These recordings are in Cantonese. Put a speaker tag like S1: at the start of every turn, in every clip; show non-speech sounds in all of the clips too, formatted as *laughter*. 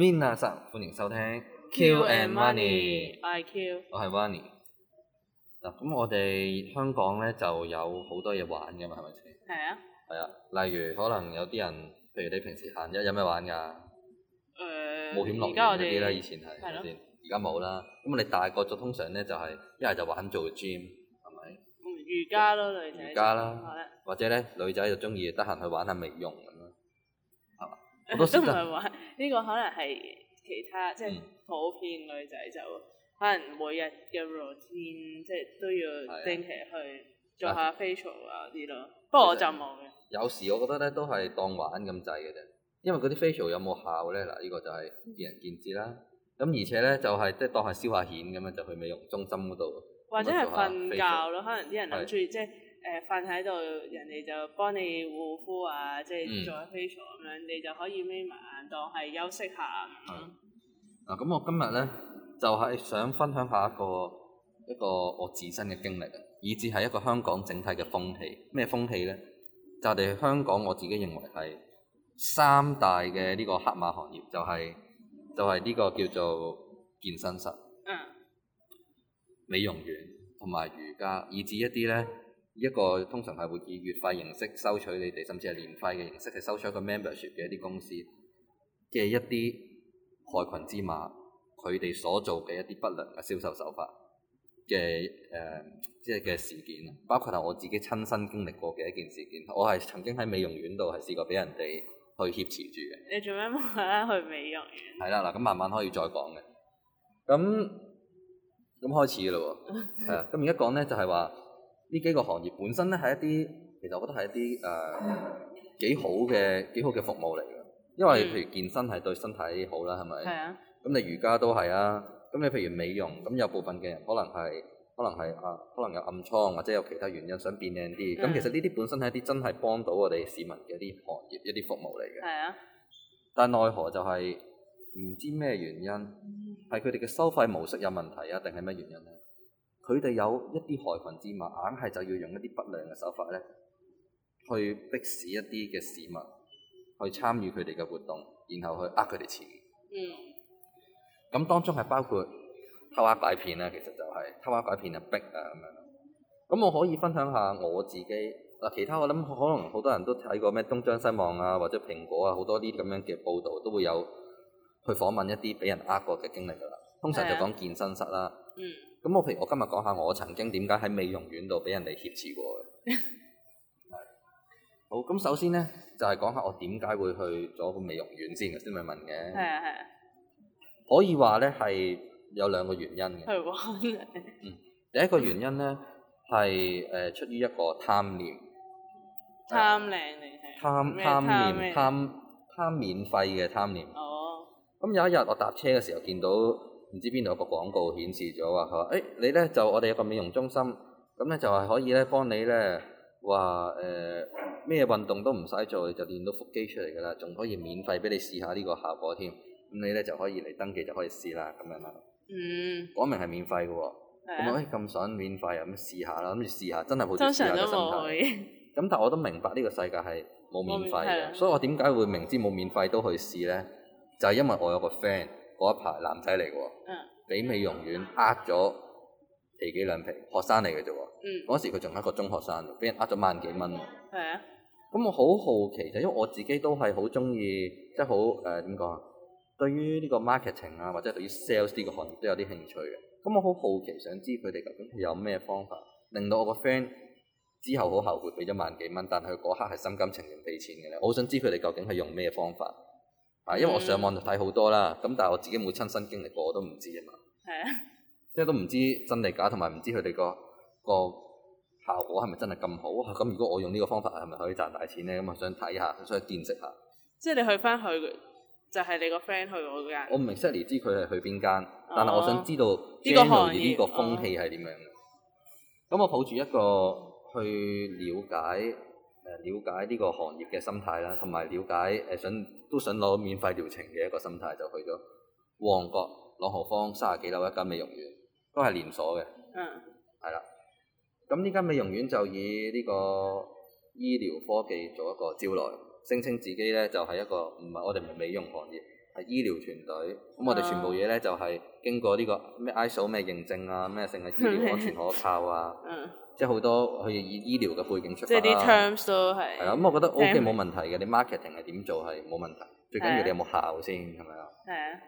S1: Min 啊，收歡迎收聽 Q。Q and Money，I I Q，我係 Wanny。嗱，咁我哋香港咧就有好多嘢玩嘅嘛，係咪先？係啊。係啊，例如可能有啲人，譬如你平時行街，有咩玩㗎？誒、呃，
S2: 冒險樂園嗰啲啦，以前係，係咪先，
S1: 而家冇啦。咁你大個咗，通常咧就係、是、一係就玩做 gym，係咪？
S2: 瑜伽咯，女仔。瑜伽啦，
S1: 或者咧，女仔就鍾意得閒去玩下美容。都唔係話
S2: 呢個可能係其他即係、嗯、普遍女仔就可能每日嘅 routine 即係都要定期去做下 facial 啊啲咯。不過我就冇嘅實。
S1: 的有時我覺得咧都係當玩咁滯嘅啫，因為嗰啲 facial 有冇效咧嗱？呢、這個就係見仁見智啦。咁而且咧就係即係當係消下遣咁樣就去美容中心嗰度，或者係瞓覺咯。
S2: 可能啲人諗住，即。誒，瞓喺度，人哋就幫你護膚啊，即、就、係、是、做下 facial，咁、嗯、樣，你就可以眯埋眼當係休息下咁。
S1: 嗱、嗯，咁、嗯、我今日咧就係、是、想分享下一個一個我自身嘅經歷啊，以至係一個香港整體嘅風氣，咩風氣咧？就係、是、香港我自己認為係三大嘅呢個黑馬行業，就係、是、就係、是、呢個叫做健身室、嗯、美容院同埋瑜伽，以至一啲咧。一個通常係會以月費形式收取你哋，甚至係年費嘅形式係收取一個 membership 嘅一啲公司嘅一啲害群之馬，佢哋所做嘅一啲不良嘅銷售手法嘅誒、呃，即係嘅事件包括係我自己親身經歷過嘅一件事件，我係曾經喺美容院度係試過俾人哋去挾持住
S2: 嘅。你做咩冇去去美容
S1: 院？係啦，嗱，咁慢慢可以再講嘅。咁咁開始嘅咯喎，係啊。 *laughs* 咁而家講咧就係、係、話。呢幾個行業本身咧係一啲，其實我覺得係一啲誒幾好嘅幾好嘅服務嚟嘅，因為譬如健身係對身體好啦，係咪？係啊、嗯。咁你瑜伽都係啊，咁你譬如美容，咁有部分嘅人可能係可能係啊，可能有暗瘡或者有其他原因想變靚啲，咁、嗯、其實呢啲本身係一啲真係幫到我哋市民嘅一啲行業一啲服務嚟嘅。係
S2: 啊、嗯。
S1: 但奈何就係唔知咩原因，係佢哋嘅收費模式有問題啊，定係咩原因咧？佢哋有一啲害群之馬，硬係就要用一啲不良嘅手法咧，去逼使一啲嘅市民去參與佢哋嘅活動，然後去呃佢哋錢。嗯。咁當中係包括偷呃、啊、拐騙啦，其實就係、是、偷呃、啊、拐騙啊逼啊咁樣。咁我可以分享下我自己嗱，其他我諗可能好多人都睇過咩東張西望啊，或者蘋果啊，好多啲咁樣嘅報導都會有去訪問一啲俾人呃過嘅經歷㗎啦。通常就講健身室啦。嗯。嗯。咁我譬如我今日講下我曾經點解喺美容院度俾人哋挾持過嘅， *laughs* 係好咁首先咧就係、是、講下我點解會去咗個美容院先先咪問嘅。係啊係啊，啊可以話咧係有兩個原因嘅。去 *laughs* 嗯，第一個原因咧係誒出於一個貪念。 *laughs* 貪
S2: 靚嚟係。貪貪免貪貪,
S1: 貪免費嘅貪念。哦。咁有一日我搭車嘅時候見到。唔知邊度有個廣告顯示咗話，佢話，誒、欸、你咧就我哋有個美容中心，咁咧就係可以咧幫你咧話誒咩運動都唔使做，就練到腹肌出嚟㗎啦，仲可以免費俾你試下呢個效果添。咁你咧就可以嚟登記就可以試啦，咁樣嘛？嗯。
S2: 講
S1: 明係免費㗎喎，咁我誒咁想免費咁試下啦，諗住試下真係好試下，正常得耐。咁但係我都明白呢個世界係冇免費嘅，費的所以我點解會明知冇免費都去試咧？就係、是、因為我有個 friend。嗰一排男仔嚟嘅，俾美容院呃咗皮幾兩皮，學生嚟嘅啫。嗰、嗯、時佢仲係一個中學生，俾人呃咗萬幾蚊。係啊、嗯。咁我好好奇就因為我自己都係好中意，即係好誒點講啊？對於呢個 marketing 啊，或者對於 sales 呢個行業都有啲興趣嘅。咁我好好奇想知佢哋究竟有咩方法，令到我個 friend 之後好後悔俾咗萬幾蚊，但係佢嗰刻係心甘情願俾錢嘅咧。我好想知佢哋究竟係用咩方法？因為我上網就睇好多啦，咁、嗯、但係我自己冇親身經歷過，我都唔知啊嘛。係啊，即係都唔知真定假，同埋唔知佢哋個個效果係咪真係咁好？咁如果我用呢個方法係咪可以賺大錢咧？咁我想睇下，想去見識下。
S2: 即係你去翻佢，就係、是、你個 friend 去嗰間。我唔
S1: 明 Sally 知佢係去邊間，哦、但係我想知道 channel 呢個風氣係點樣嘅。咁、哦嗯、我抱住一個去了解了解呢個行業嘅心態啦，同埋了解誒、呃、想都想攞免費療程嘅一個心態，就去咗旺角朗豪坊三十幾樓一間美容院，都係連鎖嘅，嗯，係啦。咁呢間美容院就以呢個醫療科技做一個招來，聲稱自己咧就係、是、一個唔係，我哋唔係美容行業，係醫療團隊。咁、嗯、我哋全部嘢咧就係、是、經過呢、這個咩 ISO 咩認證啊，咩性嘅資料，安全可靠啊。嗯嗯即係好多去醫醫療嘅背景出發啦，係啊，咁
S2: 我覺得 OK 冇
S1: 問題嘅，你 marketing 係點做係冇問題，最緊要你有冇效先係咪啊？係啊，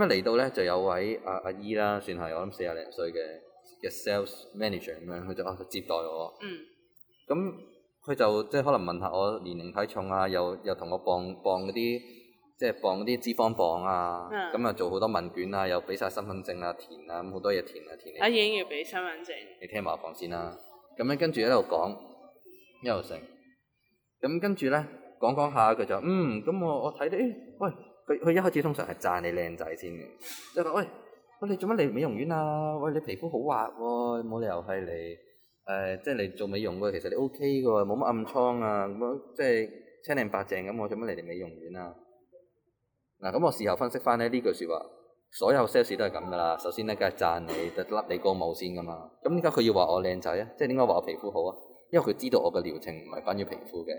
S1: 咁的一嚟到咧就有位阿阿、啊啊、姨啦，算係我諗四廿零歲嘅嘅 sales manager 咁樣，佢就啊接待我，嗯，咁佢就即係可能問下我年齡體重啊，又又同我磅磅嗰啲。即係放嗰啲脂肪磅啊，咁啊、嗯、做好多問卷啊，又俾晒身份證啊填啊，咁好多嘢填啊填。啊！已
S2: 經要俾身份證。
S1: 你聽埋我講先啦，咁咧跟住喺度講一路成，咁跟住咧講講下佢就嗯咁我我睇到誒，喂佢佢一開始通常係讚你靚仔先嘅，即係話喂喂你做乜嚟美容院啊？喂你皮膚好滑喎、啊，冇理由係嚟誒即係你做美容喎。其實你 O K 喎，冇乜暗瘡啊，咁即係青靚白淨咁，我做乜嚟嚟美容院啊？嗱，咁我事後分析翻咧呢句説話說，所有 sales 都係咁噶啦。首先咧，梗係讚你，得甩你高帽先噶嘛。咁點解佢要話我靚仔啊？即係點解話我皮膚好啊？因為佢知道我嘅療程唔係關於皮膚嘅，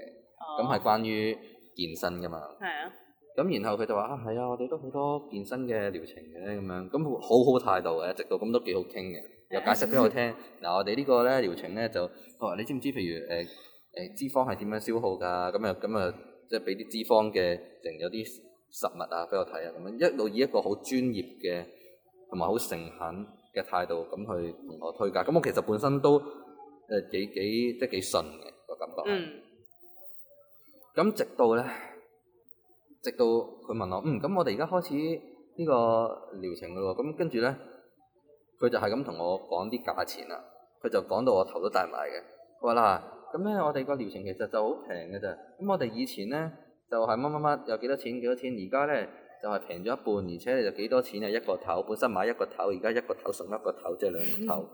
S1: 咁係、哦、關於健身噶嘛。係啊。咁然後佢就話啊，係啊，我哋都好多健身嘅療程嘅咁樣，咁好好態度嘅，直到咁都幾好傾嘅，又解釋俾我聽。嗱、啊嗯，我哋呢個咧療程咧就我、哦、你知唔知？譬如誒誒、呃呃呃、脂肪係點樣消耗㗎？咁啊咁啊，即係俾啲脂肪嘅剩有啲。實物啊，俾我睇啊，咁樣一路以一個好專業嘅同埋好誠懇嘅態度咁去同我推介。咁我其實本身都誒、呃、幾幾即係幾信嘅個感覺。咁、嗯、直到咧，直到佢問我，嗯，咁我哋而家開始呢個療程咯。咁跟住咧，佢就係咁同我講啲價錢啦。佢就講到我頭都大埋嘅。佢話啦，咁、啊、咧我哋個療程其實就好平嘅啫。咁我哋以前咧，就係乜乜乜，有幾多錢幾多錢？而家咧就係平咗一半，而且就幾多錢啊一個頭，本身買一個頭，而家一個頭送一個頭，即係兩個頭。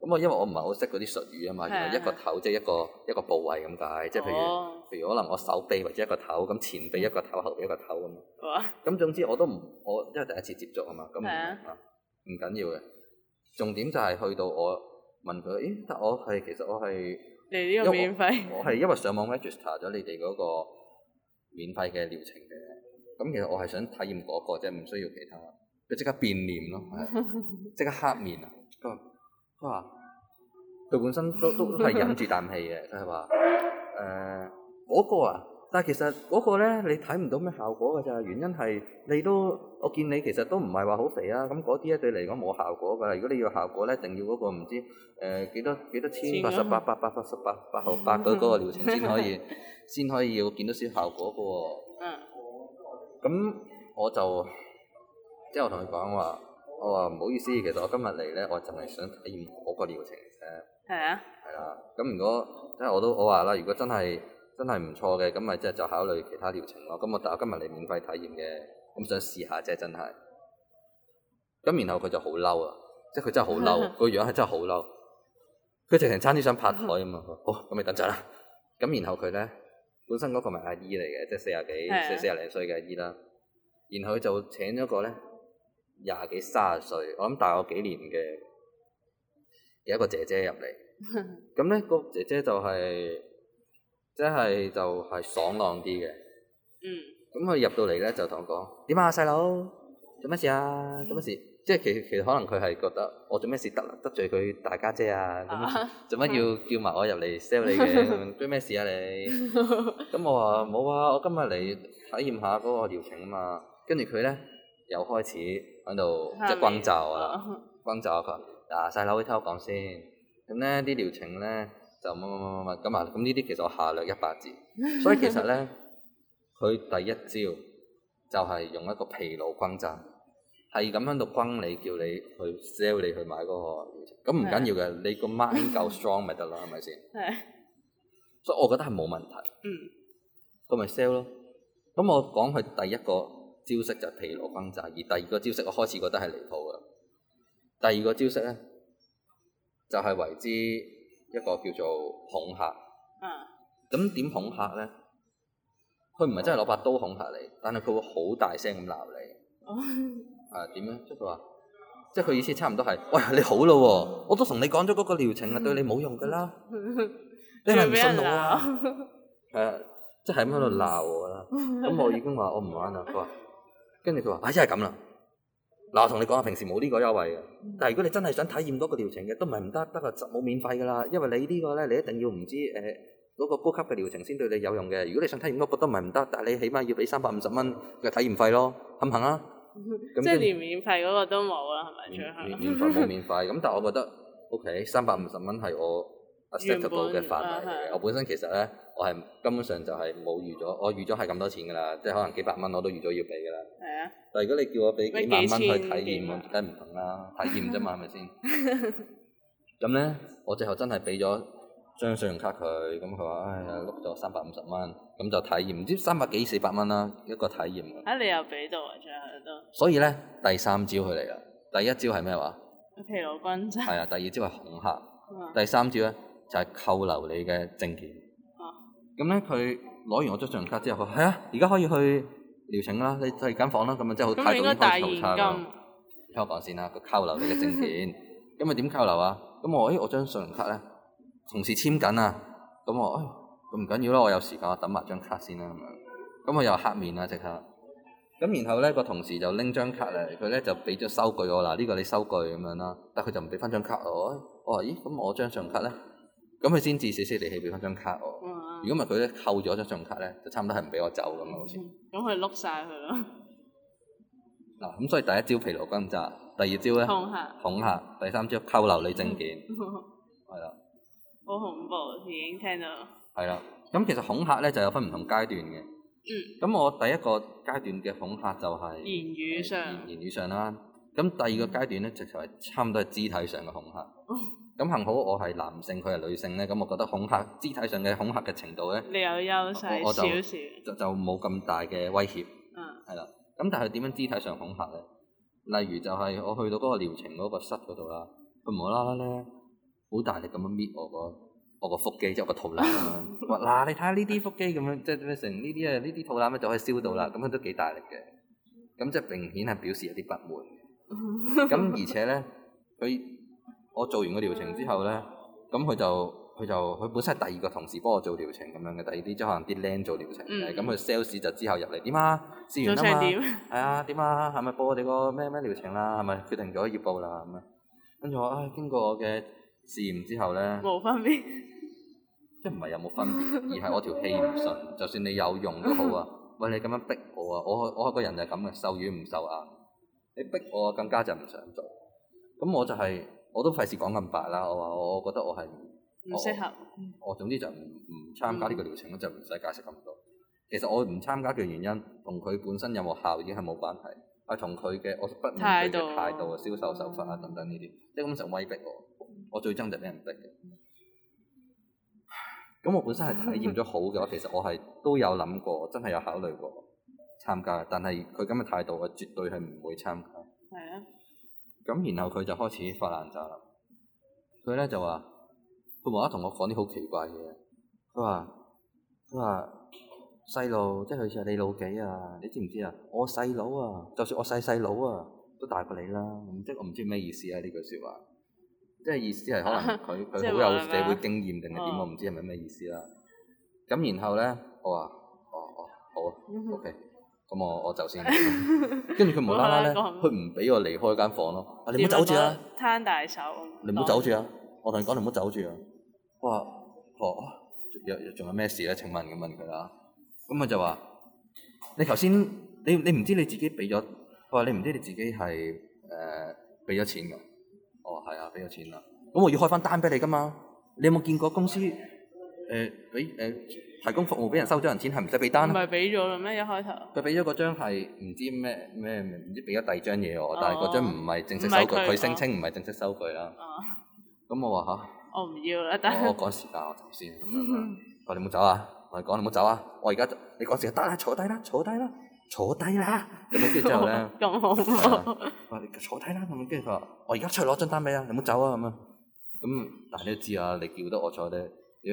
S1: 咁啊，因為我唔係好識嗰啲術語啊嘛， *laughs* 原來一個頭即係一個 *laughs* 一個部位咁解，即係譬如、oh. 譬如可能我手臂或者一個頭，咁前臂一個頭，後臂一個頭咁。咁 *laughs* 總之我都唔，我因為第一次接觸啊嘛，咁唔 *laughs* 緊要嘅，重點就係去到我問佢，咦、哎？得我係其實我係你呢個免費， *laughs* 我係因為上網 register 咗你哋嗰個免費嘅療程嘅，咁其實我係想體驗嗰、那個啫，唔需要其他，佢即刻變臉咯， *laughs* 即刻黑面啊！佢話、 *laughs* 哦，佢話，佢本身都都係忍住啖氣嘅，佢係話，誒、呃，嗰、那個啊。但係其實嗰個咧，你睇唔到咩效果㗎咋？原因係你都我見你其實都唔係話好肥啊，咁嗰啲咧對你嚟講冇效果㗎。如果你要效果咧，一定要嗰個唔知誒幾多幾多千八十八八八、八十八八號八嘅嗰個療程先可以，先可以要見到少效果嘅喎。嗯。咁我就即係我同佢講話，我話唔好意思，其實我今日嚟咧，我就係想體驗嗰個療程嘅啫。係啊。係啦，咁如果即係我都我話啦，如果真係。真係唔錯嘅，咁咪即係就考慮其他療程咯。咁我打今日嚟免費體驗嘅，咁想試下啫，真係。咁然後佢就好嬲啊，即係佢真係好嬲，個 *laughs* 樣係真係好嬲。佢直情差啲想拍台啊嘛。 *laughs* 好，咁咪等陣啦。咁然後佢咧，本身嗰個咪阿姨嚟嘅，即係四廿幾、 *laughs* 四四廿零歲嘅阿姨啦。然後就請咗個咧廿幾卅歲，我諗大我幾年嘅，有一個姐姐入嚟。咁咧、個姐姐就係、是。即係就係爽朗啲嘅，咁佢入到嚟咧就同我講：點啊，細佬做乜事啊？做乜事？即係其實其實可能佢係覺得我做乜事得啦得罪佢大家姐啊？做乜要叫埋我入嚟 sell 你嘅？做咩事啊 *laughs* 你？咁、嗯、我話冇啊，我今日嚟體驗下嗰個療程啊嘛。跟住佢咧又開始喺度即係關照啊，關照佢。嗱，細佬你聽我講先。咁咧啲療程咧。就乜乜乜乜咁啊！咁呢啲其實我下略一百字，所以其實咧，佢第一招就係用一個疲勞轟炸，係咁喺度轟你，叫你去 sell 你去買嗰、那個。咁唔緊要嘅，的你個 mind 夠 strong 咪得咯，係咪先？
S2: 係的。
S1: 所以我覺得係冇問題。嗯。咁咪 sell 咯。咁我講佢第一個招式就係疲勞轟炸，而第二個招式我開始覺得係離譜嘅。第二個招式咧，就係、是、為之。一個叫做恐嚇，咁點、嗯、恐嚇咧？佢唔係真係攞把刀恐嚇你，但係佢會好大聲咁鬧你。哦、啊點咧？即係佢話，即係佢意思差唔多係，喂，你好咯、啊，我都同你講咗嗰個療程係、嗯、對你冇用㗎啦，你係咪唔信我 *laughs* 啊？係即係咁喺度鬧我啦。咁、嗯、 *laughs* 我已經話我唔玩啦。佢話，跟住佢話，啊真係咁啦。嗱，我同你講下，平時冇呢個優惠嘅。但係如果你真係想體驗嗰個療程嘅，都唔係唔得，得個冇免費㗎啦。因為你個呢個咧，你一定要唔知誒嗰、呃嗰個高級嘅療程先對你有用嘅。如果你想體驗嗰個都唔係唔得，但係你起碼要畀三百五十蚊嘅體驗費咯，肯唔肯啊？嗯、
S2: 那即係連免費嗰個都冇啦，係咪最後？免免費冇
S1: 免費，咁 *laughs* 但係我覺得 OK，三百五十蚊係我。Acceptable 嘅法例嘅，我本身其實咧，我係根本上就係冇預咗，我預咗係咁多錢㗎啦，即係可能幾百蚊我都預咗要俾㗎啦。係啊，但係如果你叫我俾幾萬蚊去體驗，梗係唔肯啦，體驗啫嘛，係咪先？咁咧，我最後真係俾咗張信用卡佢，咁佢話哎呀，碌咗三百五十蚊，咁就體驗唔知三百幾四百蚊啦，一個體驗。
S2: 嚇你又俾到啊，真係
S1: 都。所以咧，第三招佢嚟啦，第一招係咩話？
S2: 疲勞軍就係啊，
S1: 第二招係恐嚇，第三招咧？就係扣留你嘅證件。咁咧、啊，佢攞完我張信用卡之後，佢係啊，而、哎、家可以去療程啦，你係間房啦，咁啊，即係好大動作。咁應該大二咁。聽我講先啦，佢扣留你嘅證件，咁啊點扣留啊？咁我咦、哎、我張信用卡咧，同事簽緊啊，咁我唉唔緊要啦，我有時間，我等埋張卡先啦咁樣。咁我又黑面啦，即刻。咁然後咧個同事就拎張卡嚟，佢咧就俾咗收據我啦，呢、這個你收據咁樣啦，但佢就唔俾翻張卡我。我話咦咁我張信用卡咧？咁佢先至死死地氣俾翻張卡我，如果唔係佢咧扣咗張信用卡咧，就差唔多係唔俾我走咁啊！好 *laughs* 似，
S2: 咁佢碌晒佢咯。嗱，
S1: 咁所以第一招疲勞轟炸，第二招咧恐嚇，恐嚇，第三招扣留你證件，係啦、嗯。
S2: 好恐怖，已經聽到。
S1: 係、嗯、啦，咁其實恐嚇咧就有分唔同階段嘅。嗯。咁我第一個階段嘅恐嚇就係言語上言，言語上啦。咁第二個階段咧，就就係差唔多係肢體上嘅恐嚇。咁幸好我係男性，佢係女性咧，咁我覺得恐嚇肢體上嘅恐嚇嘅程度咧，你
S2: 有優勢少少許，
S1: 就就冇咁大嘅威脅，係啦、嗯。咁但係點樣肢體上恐嚇咧？例如就係我去到嗰個療程嗰個室嗰度啦，佢無啦啦咧好大力咁樣搣我個我個腹肌，即係個肚腩，話嗱、 *laughs* 呃、你睇下呢啲腹肌咁樣，即係變成呢啲啊呢啲肚腩咪就可以燒到啦，咁樣都幾大力嘅。咁即係明顯係表示有啲不滿。
S2: 咁而
S1: 且咧佢。 *laughs* *laughs* 我做完個療程之後咧，咁佢、嗯、就佢就佢本身係第二個同事幫我做療程咁樣嘅，第二啲即、就是、可能啲僆做療程嘅，咁佢 sales 就之後入嚟點啊？試完啊嘛，係啊，點啊？係咪報我哋個咩咩療程啦？係咪決定咗要報啦咁啊？跟住我唉、哎，經過我嘅試驗之後咧，冇分別，即係唔係有冇分別？ *laughs* 而係我條氣唔順，就算你有用都好啊。 *laughs* 喂你咁樣逼我啊，我我，我個人就係咁嘅，受軟唔受硬。你逼我更加就唔想做，咁我就係、是。我都費事講咁白啦，我話我覺得我係唔適合。我總之就唔唔參加呢個療程、嗯、就唔使解釋咁多。其實我唔參加嘅原因，同佢本身有冇效已經係冇關係，係同佢嘅我不滿佢嘅態度啊、銷售度手法啊等等呢啲，即係咁就威逼我。我最憎就畀人逼嘅。咁 *laughs* 我本身係體驗咗好嘅，其實我係都有諗過，真係有考慮過參加，但係佢咁嘅態度我絕對係唔會參加。係啊、嗯。咁然後佢就開始發爛渣啦。佢咧就話：佢無端端同我講啲好奇怪嘅嘢。佢話：佢話細路即係佢似係你老幾啊？你知唔知啊？我細佬啊，就算我細細佬啊，都大過你啦。唔知我唔知咩意思啊？呢句説話，即係意思係可能佢佢好有社會經驗定係點？我唔知係咪咩意思啦、啊。咁、哦、然後咧，我話：哦哦哦，我我佢。哦哦哦 *laughs* okay. 咁我我就走先， *laughs* 跟住佢無啦啦咧，佢唔俾我離開間房咯。你唔好走住啊！
S2: 攤大手，你唔好走
S1: 住啊！我同你講，你唔好走住啊！我話，我有仲有咩事咧？請問咁問佢啦。咁、嗯、啊就話，你頭先你你唔知你自己俾咗，佢話你唔知你自己係誒俾咗錢㗎。哦，係啊，俾咗錢啦。咁我要開翻單俾你㗎嘛。你有冇見過公司誒俾誒？呃呃呃呃提供服務俾人收咗人錢係唔使俾單咯、啊，唔係俾咗啦咩？一開頭佢俾咗嗰張係唔知咩咩唔知俾咗第二張嘢喎、啊，哦、但係嗰張唔係正式收據，佢聲稱唔係正式收據啊。咁我話嚇，
S2: 我唔要啦，得我
S1: 趕時間，我走、嗯嗯、先。我唔好走啊，我講你唔好走啊，我而家你講先得啦，坐低啦，坐低啦，坐低啦。咁好、哦、啊，我話你坐低啦。咁跟住佢話，我而家出去攞張單俾啊，你唔好走啊，係嘛？咁但係你都知啊，你叫得我坐低。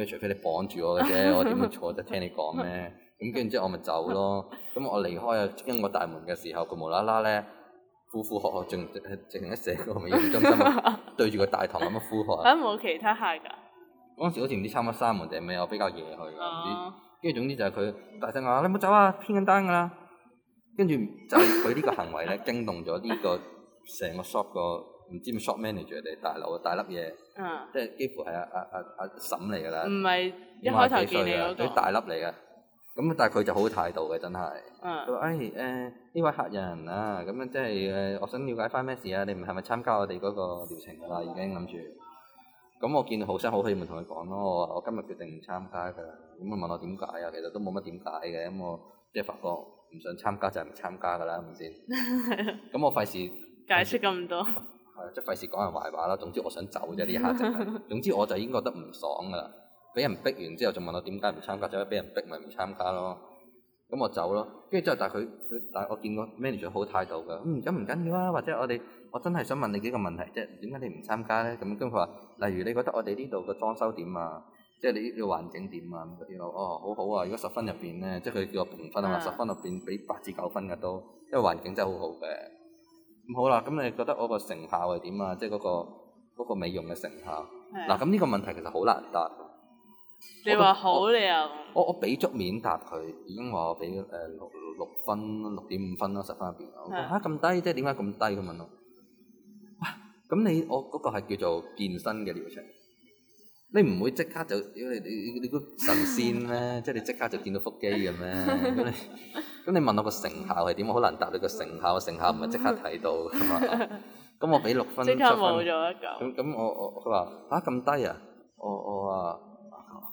S1: 除非你綁住我嘅啫，我點會坐得聽你講咩？咁跟住之後我咪走咯。咁我離開啊，經過大門嘅時候，佢無啦啦咧呼呼喝喝，仲誒一喺寫嗰個美容中心，對住個大堂咁樣呼喊。咁
S2: 冇其他客噶。
S1: 當時好似唔知差唔多閂門定係咩，我比較夜去？跟住總之就係佢大聲話：你唔好走啊，編緊單㗎啦！跟住就係佢呢個行為咧，驚動咗呢個成個 shop 個。唔知咪 shop manager 嚟，大佬啊大粒嘢，即係幾乎係阿阿阿阿嬸嚟㗎啦。唔係一開頭見你，佢大粒嚟嘅。咁啊，但係佢就好態度嘅，真係。嗯。佢話：誒誒，呢位客人啊，咁啊，即係誒，我想了解翻咩事啊？你唔係咪參加我哋嗰個療程㗎啦？已經諗住。咁我見好心好氣，咪同佢講咯。我我今日決定唔參加㗎啦。咁啊，問我點解啊？其實都冇乜點解嘅。咁我即係發覺唔想參加就唔參加㗎啦，咁先。係啊。咁我費事解釋咁多。係，即係費事講人壞話啦。總之我想走啫，呢一刻、就係，總之我就已經覺得唔爽噶啦。俾人逼完之後，仲問我點解唔參加，即係俾人逼咪唔參加咯。咁我走咯。跟住之後，但係佢，但係我見個 manager、er、好態度㗎。嗯，咁唔緊要啊。或者我哋，我真係想問你幾個問題，即係點解你唔參加咧？咁跟佢話，例如你覺得我哋呢度個裝修點啊？即、就、係、是、你呢個環境點啊？咁然後哦，好好啊！如果十分入邊咧，即係佢叫我評分啊，十分入邊俾八至九分嘅都，因為環境真係好好、啊、嘅。咁好啦，咁你覺得我個成效係點啊？即係嗰、那個那個美容嘅成效。嗱、啊，咁呢、啊、個問題其實好難答。你話好靚。我我俾足面答佢，已經話我俾誒六六分、六點五分啦，十分入邊。嚇咁低啫？即點解咁低？佢問我。咁、啊、你我嗰、那個係叫做健身嘅療程。你唔會即刻就因為你你個神仙咧， *laughs* 即係你即刻就見到腹肌嘅咩？咁你咁問我個成效係點？好難達到個成效，成效唔係即刻睇到嘅嘛。咁我俾六分七分咁咁我我佢話啊，咁低啊！我 *laughs* 即 weight. 我話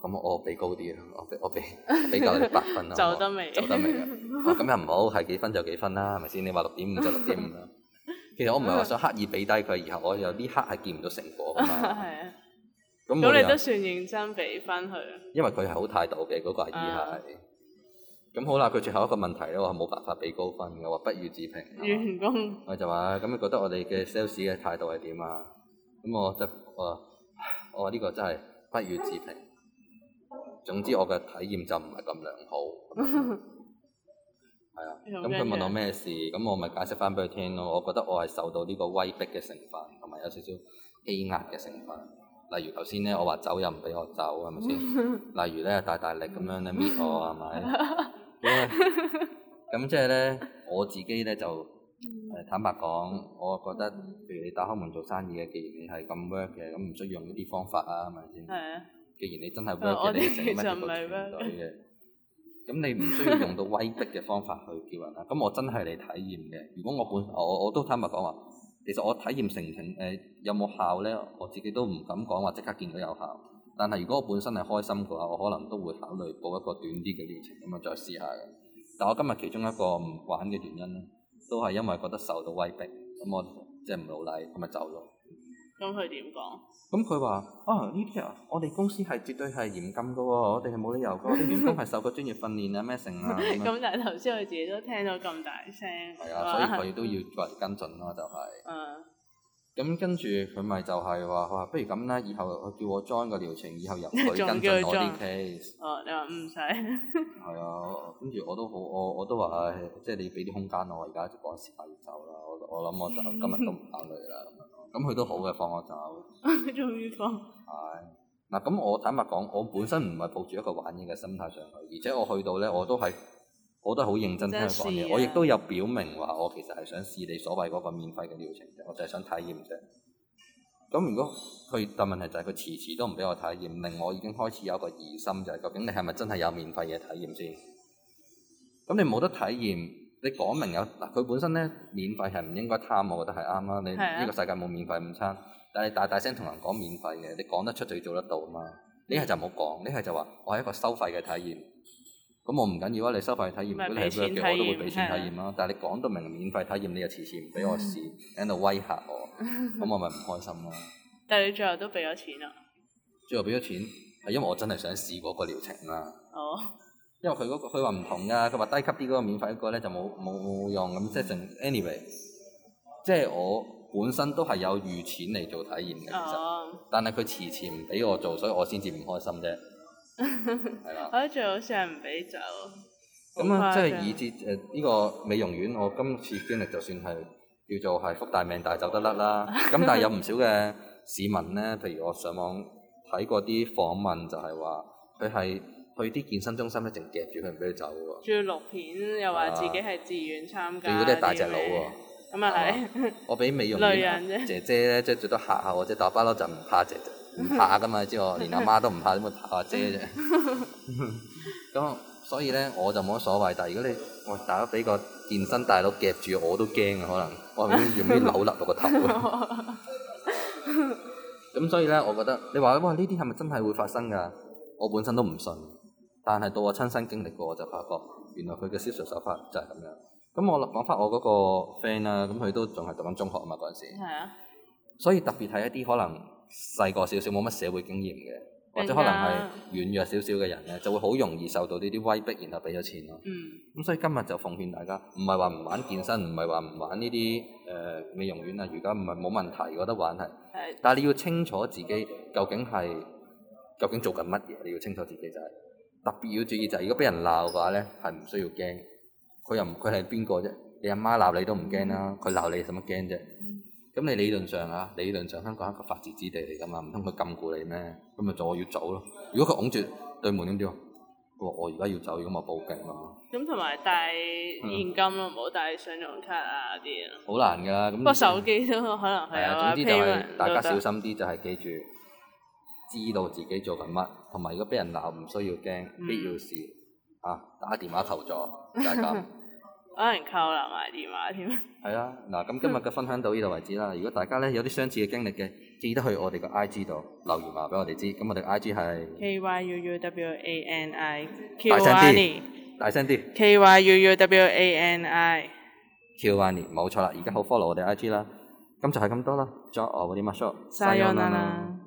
S1: 咁我俾高啲嘅，我俾我俾俾夠你八分啦，走得
S2: 未？走得未？
S1: 咁又唔好，係幾分就幾分啦，係咪先？你話六點五就六點五啦。其實我唔係話想刻意俾低佢，然後我有呢刻係見唔到成果㗎嘛。 *laughs* *laughs* *laughs* 咁你都算
S2: 認真俾翻佢？
S1: 因為佢係好態度嘅嗰、那個阿姨係。咁、啊、好啦，佢最後一個問題咧，我係冇辦法俾高分嘅，我不予置評。
S2: 員工。
S1: 我就話，咁你覺得我哋嘅 sales 嘅態度係點啊？咁我就，我我呢、這個真係不予置評。總之我嘅體驗就唔係咁良好。係啊。咁佢問我咩事？咁 *laughs* 我咪解釋翻俾佢聽咯。我覺得我係受到呢個威逼嘅成分，同埋有，有少少欺壓嘅成分。例如頭先咧，我話走又唔俾我走，係咪先？ *laughs* 例如咧，大大力咁樣咧搣我，係咪？咁、 *laughs* yeah, 即係咧，我自己咧就誒坦白講，我覺得，譬如你打開門做生意嘅，既然你係咁 work 嘅，咁唔需要用呢啲方法啊，係咪先？係啊。既然你真係 work 嘅，你成咗一個團隊嘅，咁 *laughs* 你唔需要用到威逼嘅方法去叫人啊。咁我真係嚟體驗嘅。如果我本我我，我都坦白講話。其實我體驗成程誒、呃、有冇效咧，我自己都唔敢講話即刻見到有效。但係如果我本身係開心嘅話，我可能都會考慮報一個短啲嘅療程咁樣，嗯、再試下嘅。但我今日其中一個唔玩嘅原因咧，都係因為覺得受到威逼，咁，嗯、我即係唔努力，咁咪走咯。咁佢點講？咁佢話啊，呢啲啊，我哋公司係絕對係嚴禁嘅喎、哦，我哋係冇理由嘅，啲 *laughs* 員工係受過專業訓練啊，咩成啊，咁 *laughs* *laughs*
S2: 但係頭先佢自己都聽到咁大聲，係啊，所以佢
S1: 都要話跟進咯、就係，就係、嗯。咁跟住佢咪就係話話，不如咁啦，以後佢叫我 join 個療程，以後入去 *laughs* 跟進我啲 case。
S2: *laughs* 哦，你話唔使
S1: 係啊，跟住我都好，我都、哎就是、我都話唉，即係你俾啲空間我，而家就趕時間快走啦。我我諗我就 *laughs* 今日都唔考慮啦，咁樣，咁佢都好嘅， *laughs* 放我走，
S2: *laughs* 終於放
S1: 係嗱。咁、啊、我坦白講，我本身唔係抱住一個玩嘢嘅心態上去，而且我去到咧，我都係。我都好認真聽佢講嘢，啊、我亦都有表明話我其實係想試你所謂嗰個免費嘅療程嘅，我就係想體驗啫。咁如果佢但問題就係佢遲遲都唔俾我體驗，令我已經開始有一個疑心，就係、是、究竟你係咪真係有免費嘅體驗先？咁你冇得體驗，你講明有嗱，佢本身咧免費係唔應該貪，我覺得係啱啦。你呢個世界冇免費午餐，啊、但係大大聲同人講免費嘅，你講得出就要做得到嘛。一係就冇講，一係就話我係一個收費嘅體驗。咁我唔緊要啊，你收費體驗，如果係嘅，我都會俾錢體驗啦。驗的但係你講到明免費體驗，你又遲遲唔俾我試，喺度 *laughs* 威嚇我，咁我咪唔開心咯。
S2: 但係你最後都俾咗錢啊？
S1: 最後俾咗錢係因為我真係想試嗰個療程啦。哦。因為佢嗰個佢話唔同㗎，佢話低級啲嗰個免費嗰個咧就冇冇冇用咁，即係淨 anyway，即係我本身都係有預錢嚟做體驗嘅，其實。哦。但係佢遲遲唔俾我做，所以我先至唔開心啫。 *laughs* 吧 *laughs*
S2: 我最好上係唔俾走。
S1: 咁啊，即係以至誒呢個美容院，我今次經歷就算係叫做係福大命大走得甩啦。咁 *laughs* 但係有唔少嘅市民咧，譬如我上網睇過啲訪問就，就係話佢係去啲健身中心一直夾住佢唔俾佢走。仲
S2: 要錄片，又話自己係自願參加。如果啲大隻佬喎，咁啊係，吧
S1: *laughs* 我俾美容院 *laughs* 女人 姐姐咧，即係最多嚇下或者打巴咯，就唔怕嚇姐，姐，姐。唔怕噶嘛？知我連阿媽都唔怕，點會怕阿、啊、姐啫。咁、 *laughs* 嗯嗯嗯、所以咧，我就冇乜所謂。但係如果你喂，大家俾個健身大佬夾住，我都驚啊，可能我係咪用啲扭勒到個頭啊？咁、 *laughs* 嗯、所以咧，我覺得你話喂，呢啲係咪真係會發生噶？我本身都唔信，但係到我親身經歷過，我就發覺原來佢嘅銷售手法就係咁樣。咁我講翻我嗰個 friend 啦、啊，咁佢都仲係讀緊中學啊嘛，嗰陣時。係啊。所以特別係一啲可能。細個少少冇乜社會經驗嘅，
S2: 或者可能係
S1: 軟弱少少嘅人咧，嗯、就會好容易受到呢啲威逼，然後俾咗錢咯。嗯，咁所以今日就奉勸大家，唔係話唔玩健身，唔係話唔玩呢啲誒美容院啊，而家唔係冇問題，有得玩係。係、嗯。但係你要清楚自己究竟係究竟做緊乜嘢，你要清楚自己就係、是。特別要注意就係、是，如果俾人鬧嘅話咧，係唔需要驚。佢又佢係邊個啫？你阿媽鬧你都唔驚啦，佢鬧、嗯、你使乜驚啫？嗯。咁你理論上啊，理論上香港係一個法治之地嚟㗎嘛，唔通佢禁錮你咩？咁咪就我要走咯。如果佢拱住對門點樣？佢話我而家要走，咁我報警咯。
S2: 咁同埋帶現金咯，唔好、嗯、帶信用卡啊啲
S1: 啊。好難㗎啦，咁個手
S2: 機都可能係啊。對總之就係大家小心
S1: 啲，就係、是、記住知道自己做緊乜，同埋如果俾人鬧，唔需要驚，必要時啊打電話求助
S2: 大家。就是 *laughs* 可能扣留埋電
S1: 話添。係 *laughs* *laughs* 啊，嗱，咁今日嘅分享到呢度為止啦。如果大家咧有啲相似嘅經歷嘅，記得去我哋嘅 I G 度留言話俾我哋知。咁我哋 I G 係 K Y U U
S2: W A N I Kyuuwani，
S1: 大聲啲，大聲啲。K Y U U W A N I Kyuuwani，冇錯啦，而家好 follow 我哋 I G 啦。咁就係咁多啦。祝我哋乜 show，生日啦！on